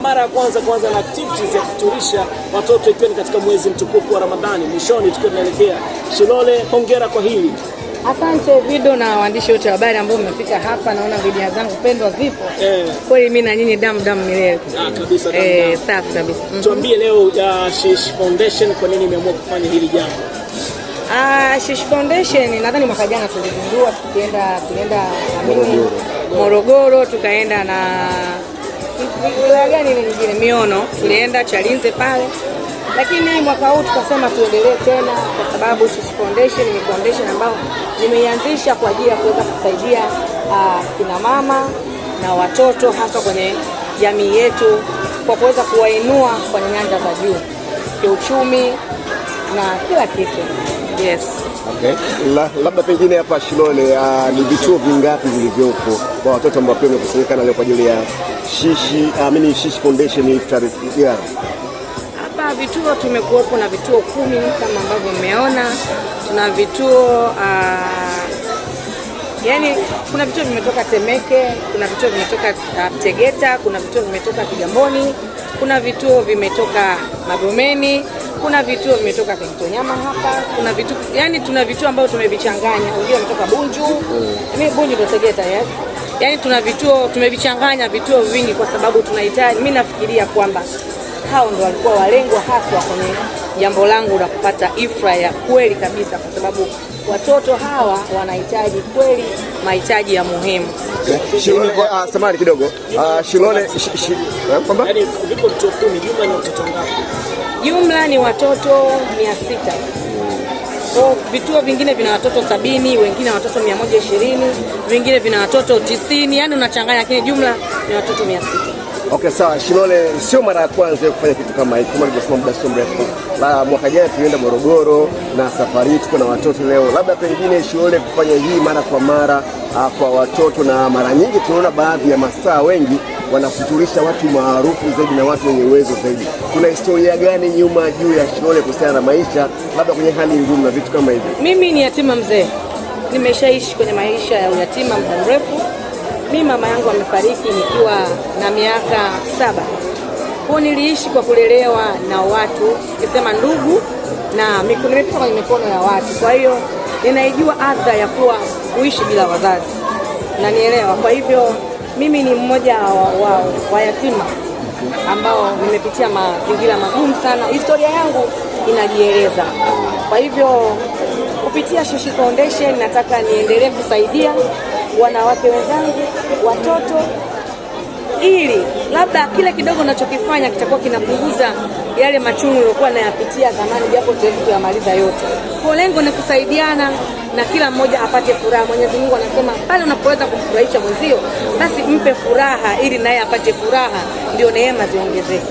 Mara ya kwanza kwanza na activities ya kuturisha watoto ikiwa ni katika mwezi mtukufu wa Ramadhani. Mwishoni tukiwa tunaelekea Shilole, hongera kwa hili. Asante video na waandishi wote wa habari ambao mmefika hapa. Naona video zangu pendwa zipo eh. Kweli mimi na nyinyi damu damu milele ah, kabisa, eh, safi kabisa. Mm-hmm. Tuambie leo uh, Shish Foundation kwa nini imeamua kufanya hili jambo? Ah, Shish Foundation nadhani mwaka jana tulizindua tukienda tulienda Morogoro, tukaenda na wilaya gani ni nyingine Miono, tulienda Chalinze pale, lakini mwaka huu tukasema tuendelee tena, kwa sababu Shush Foundation ni foundation ambayo nimeianzisha kwa ajili ya kuweza kusaidia uh, kina mama na watoto hasa kwenye jamii yetu kwa kuweza kuwainua kwenye nyanja za juu kiuchumi na kila kitu. Yes. Okay. labda pengine hapa Shilole uh, ni vituo vingapi vilivyopo kwa watoto ambao pia wamekusanyikana leo kwa ajili ya Shishi uh, Shishi Foundation iftar yeah. Hapa vituo tumekuwepo na vituo kumi kama ambavyo mmeona, tuna vituo uh, yani kuna vituo vimetoka Temeke, kuna vituo vimetoka uh, Tegeta, kuna vituo vimetoka Kigamboni, kuna vituo vimetoka Magomeni kuna vituo vimetoka Kijitonyama hapa, kuna vitu yani, tuna vituo ambavyo tumevichanganya, wengine wametoka Bunju. Mimi mm. Bunju ndo Tegeta, yes. Yani tuna vituo tumevichanganya vituo vingi, kwa sababu tunahitaji, mimi nafikiria kwamba hao ndo walikuwa walengwa haswa kwenye jambo langu la kupata ifra ya kweli kabisa, kwa sababu watoto hawa wanahitaji kweli mahitaji ya muhimu. Ah, samahani kidogo, ah, Shilole, eh, kwamba Jumla ni watoto mia sita. So, vituo vingine vina watoto sabini, wengine watoto mia moja ishirini, vingine vina watoto tisini, yani unachanganya, lakini jumla ni watoto mia sita. Okay, sawa Shilole, sio mara ya kwanza kufanya kitu kama hiki, kama nilivyosema muda sio mrefu. Mwaka jana tulienda Morogoro na safari tuko na watoto leo, labda pengine Shilole kufanya hii mara kwa mara ah, kwa watoto, na mara nyingi tunaona baadhi ya masaa wengi wanafuturisha watu maarufu zaidi na watu wenye uwezo zaidi. Kuna historia gani nyuma juu ya Shilole kuhusiana na maisha, labda kwenye hali ngumu na vitu kama hivyo? Mimi ni yatima mzee, nimeshaishi kwenye maisha ya uyatima muda mrefu. Mimi mama yangu amefariki nikiwa na miaka saba, kwa niliishi kwa kulelewa na watu, nikisema ndugu na nimepita kwenye mikono ya watu, kwa hiyo ninaijua adha ya kuwa kuishi bila wazazi, nanielewa. Kwa hivyo mimi ni mmoja wa, wa, wa yatima ambao nimepitia mazingira magumu sana. Historia yangu inajieleza. Kwa hivyo kupitia Shushi Foundation nataka niendelee kusaidia wanawake wenzangu, watoto, ili labda kile kidogo nachokifanya kitakuwa kinapunguza yale machungu niliokuwa nayapitia zamani, japo tuwezi kuyamaliza yote. Kwa lengo ni kusaidiana na kila mmoja apate furaha. Mwenyezi Mungu anasema pale unapoweza kumfurahisha mwenzio, basi mpe furaha ili naye apate furaha, ndio neema ziongezeke.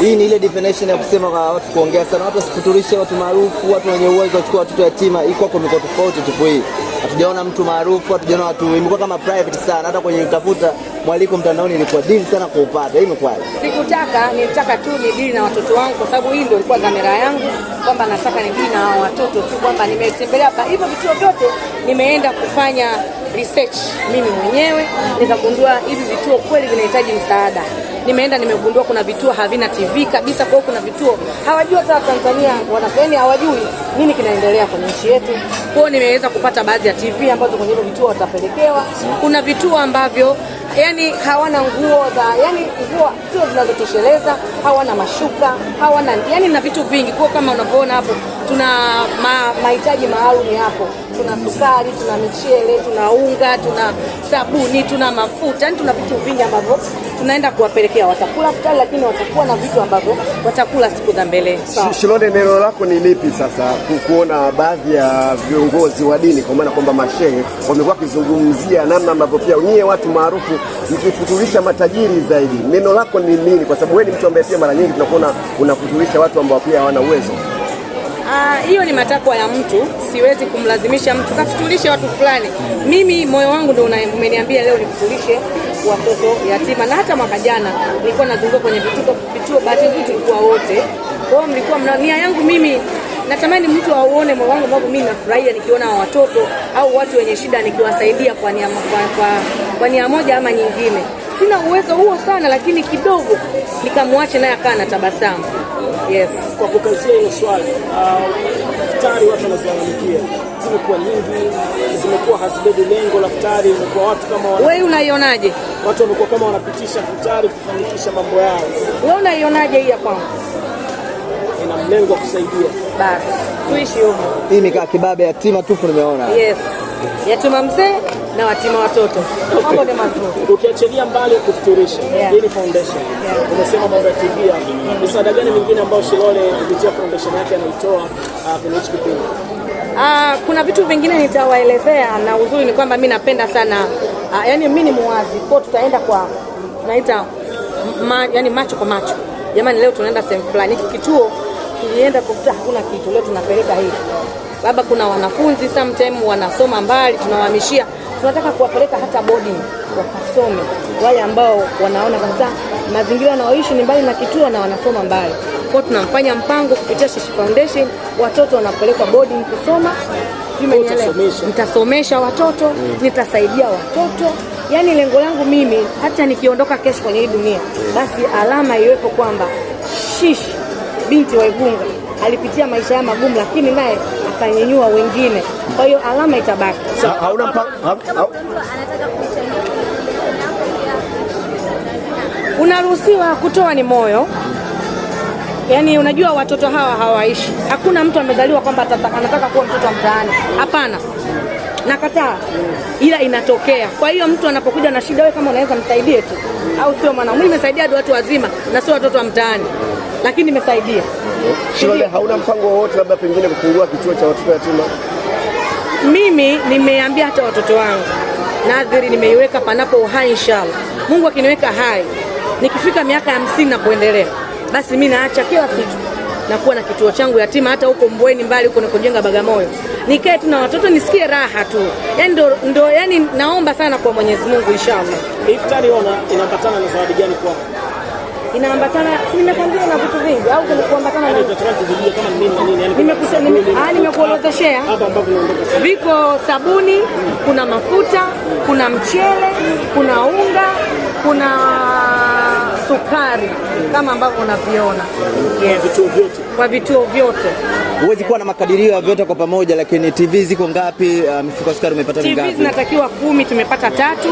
Hii ni ile definition ya kusema kwa watu kuongea sana, watu wasifuturishe, watu maarufu, watu wenye uwezo wachukua watoto yatima. Iko kwa mikoa tofauti, tupo hii hatujaona mtu maarufu, hatujaona watu, imekuwa kama private sana. Hata kwenye kutafuta mwaliko mtandaoni ilikuwa dini sana kuupata. Hii imekuwa sikutaka, nilitaka tu ni dini na watoto wangu, kwa sababu hii ndio ilikuwa dhamira yangu kwamba nataka ni dini na watoto tu, kwamba nimetembelea hivyo vituo vyote, nimeenda kufanya research mimi mwenyewe, nikagundua hivi vituo kweli vinahitaji msaada nimeenda nimegundua kuna vituo havina TV kabisa. Kwa kuna vituo hawajui hata Tanzania wanafani hawajui nini kinaendelea kwenye nchi yetu. kwao nimeweza kupata baadhi ya TV ambazo kwenye hivyo vituo watapelekewa. Kuna vituo ambavyo yani hawana nguo za yani nguo sio zinazotosheleza, hawana mashuka, hawana yani na vitu vingi kwa kama unavyoona hapo, tuna mahitaji maalum hapo, tuna sukari, tuna michele, tuna unga, tuna sabuni, tuna mafuta, yani tuna vitu vingi ambavyo tunaenda kuwapelekea. Watakula futari, lakini watakuwa na vitu ambavyo watakula siku za mbele. So, neno lako ni lipi sasa kuona baadhi ya viongozi wa dini kwa maana kwamba mashehe wamekuwa wakizungumzia namna ambavyo pia nyie watu maarufu mkifuturisha matajiri zaidi. Neno lako ni nini? Kwa sababu wewe ni mtu ambaye pia mara nyingi tunakuona unafuturisha watu ambao pia hawana uwezo. Ah, hiyo ni matakwa ya mtu, siwezi kumlazimisha mtu kafutulishe watu fulani. Mimi moyo wangu ndio umeniambia leo nifutulishe watoto yatima, na hata mwaka jana nilikuwa nazunguka kwenye vituo vituo, bahati nzuri tulikuwa wote. Kwa hiyo mlikuwa mna nia yangu mimi natamani mtu auone moyo wangu, mimi nafurahia nikiona watoto au watu wenye shida nikiwasaidia kwa, kwa, kwa kwa nia moja ama nyingine. Sina uwezo huo sana, lakini kidogo nikamwache naye akaa na tabasamu. Yes. Kwa kukazia hilo swali futari, uh, watu wanazilalamikia zimekuwa nyingi, zimekuwa hazibebi lengo la futari, imekuwa watu kama wana... wewe unaionaje? Watu wamekuwa kama wanapitisha futari kufanikisha mambo yao. Wewe unaionaje hii ya kwangu? Ina mlengo wa kusaidia, basi tuishi huko. Mimi kaa kibabe yatima tupu, nimeona yes, yatima mzee na watima watoto ukiachilia mbali kufuturisha yeah. ni foundation yeah. Umesema mambo ya TV na misaada gani mingine ambayo Shilole kupitia foundation yake anaitoa ah, kwenye hichi kipindi? Uh, kuna vitu vingine nitawaelezea, na uzuri ni kwamba mi napenda sana uh, yani mi ni muwazi kwa tutaenda kwa tunaita ma, yani macho kwa macho. Jamani, leo tunaenda sehemu fulani, hiki kituo tulienda kukuta hakuna kitu, leo tunapeleka hivi labda kuna wanafunzi sometime wanasoma mbali, tunawahamishia, tunataka kuwapeleka hata boarding wakasome, wale ambao wanaona kabisa mazingira wanaoishi ni mbali na kituo na wanasoma mbali kwa tunamfanya mpango kupitia Shishi Foundation, watoto wanapelekwa boarding kusoma. Nitasomesha watoto mm. Nitasaidia watoto, yani lengo langu mimi, hata nikiondoka kesho kwenye hii dunia mm. Basi alama iwepo kwamba Shishi binti wa Igunga alipitia maisha ya magumu, lakini naye akanyanyua wengine, kwa hiyo alama itabaki. Hauna mpango unaruhusiwa kutoa ni moyo. Yaani, unajua watoto hawa hawaishi. Hakuna mtu amezaliwa kwamba anataka kuwa mtoto wa mtaani, hapana. Nakataa, ila inatokea. Kwa hiyo mtu anapokuja na shida, wewe kama unaweza msaidie tu, au sio? Maana mimi nimesaidia watu wazima na sio watoto wa mtaani lakini nimesaidia. Shilole, hauna mpango wowote labda pengine kufungua kituo cha watoto yatima? Mimi nimeambia hata watoto wangu nadhiri nimeiweka panapo uhai, inshallah Mungu akiniweka hai nikifika miaka hamsini na kuendelea, basi mi naacha kila kitu na kuwa na kituo changu yatima, hata huko Mbweni mbali huko nikojenga Bagamoyo, nikae tu na watoto nisikie raha tu. Yani ndo, ndo yani naomba sana kwa Mwenyezi Mungu inshallah. Iftari ona inapatana na zawadi gani kwako? inaambatana, si nimekwambia na vitu vingi, au kuambatana na nimekuorodheshea, ah, viko sabuni, kuna mafuta, kuna mchele, kuna unga, kuna sukari kama ambavyo unaviona kwa vituo vyote. Huwezi kuwa na makadirio ya vyote kwa pamoja, lakini TV ziko ngapi? Ah, mifuko sukari umepata ngapi? TV zinatakiwa kumi, tumepata tatu,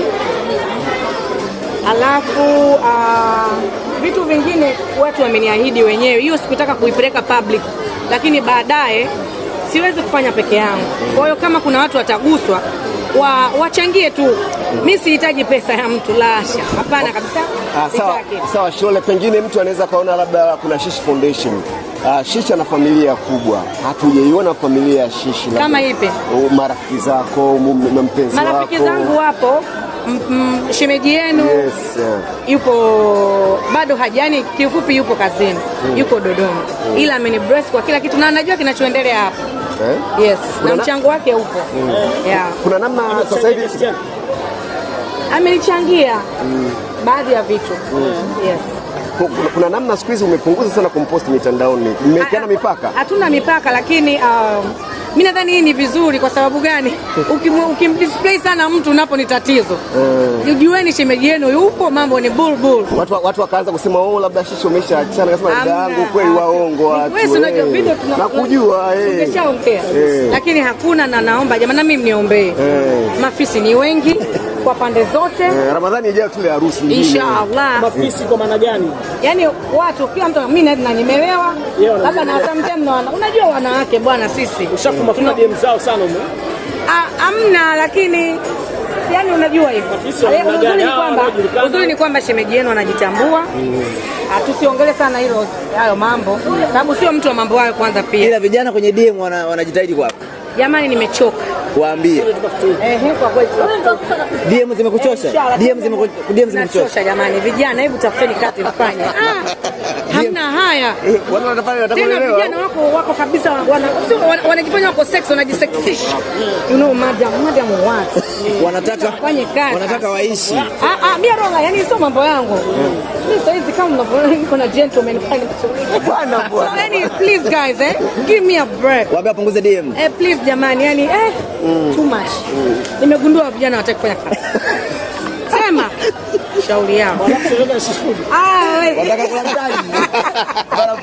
alafu uh, vitu vingine watu wameniahidi wenyewe, hiyo sikutaka kuipeleka public, lakini baadaye siwezi kufanya peke yangu. Kwa hiyo kama kuna watu wataguswa wa, wachangie tu. Mimi sihitaji pesa ya mtu, lasha hapana kabisa. Ah, sawa sawa, Shilole, pengine mtu anaweza kaona labda kuna Shishi Foundation. Ah, Shish ana familia kubwa, hatujaiona familia ya Shish kama ipi? Oh, marafiki zako, mpenzi wako? Marafiki zangu wapo Mm-hmm. shemeji yenu yes, yuko bado hajani, kiufupi yupo kazini mm. yuko Dodoma mm. ila amenibless kwa kila kitu na anajua kinachoendelea hapa eh? Yes, kuna na mchango wake upo mm. yeah. kuna namna sasa hivi amenichangia mm. baadhi ya vitu mm. yes kuna, kuna namna siku hizi umepunguza sana kumposti mitandaoni, mmekiana ah, mipaka? Hatuna mipaka, lakini um, mimi nadhani hii ni vizuri. Kwa sababu gani? Ukimdisplay uki sana mtu napo ni tatizo. Mm. Eh. Jueni shemeji yenu yupo, mambo ni bulbul. Watu, watu wakaanza kusema oh, labda shishi umeshaachana. Kasema dangu kweli, waongo watu. Wewe eh. video tunakujua eh, umeshaongea eh. lakini hakuna, na naomba jamani, mimi mniombee, mafisi ni wengi kwa pande zote. Eh, Ramadhani ijayo tule harusi nyingine. Inshallah. Eh. Mafisi kwa maana gani? Yaani watu kila mtu mimi na nani nimelewa. Labda na hata watamtia mnaona. Unajua wanawake bwana sisi. Ushafuma kuna DM zao sana Ah, Amna lakini yaani unajua hivyo. Yaani uzuri ni kwamba uzuri ni kwamba shemeji yenu anajitambua. Mm. Tusiongele sana hilo hayo mambo sababu sio mtu wa mambo hayo kwanza pia. Ila vijana kwenye DM wanajitahidi kwa hapo. Jamani nimechoka waambie DM zimekuchosha, DM zimekuchosha. Jamani vijana, hebu tafuteni kati mfanye, ah, hamna haya eh, wanafanya leo Vijana wako wako kabisa, wanajifanya wako sex, wanajisexish mm. you know, madam madam, what wanataka kazi, wanataka waishi. Ah ah, mimi roga, yani sio mambo yangu mm. mimi. Sasa hizi kama mnavyoona niko na gentleman fine bwana bwana, yani please guys, eh give me a break, waambie punguze DM eh, please jamani, yani eh too much Nimegundua vijana wataki kufanya kazi sema shauri yao ah,